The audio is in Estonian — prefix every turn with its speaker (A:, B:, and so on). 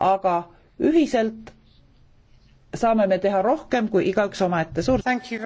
A: aga ühiselt saame me teha rohkem kui igaüks omaette. suur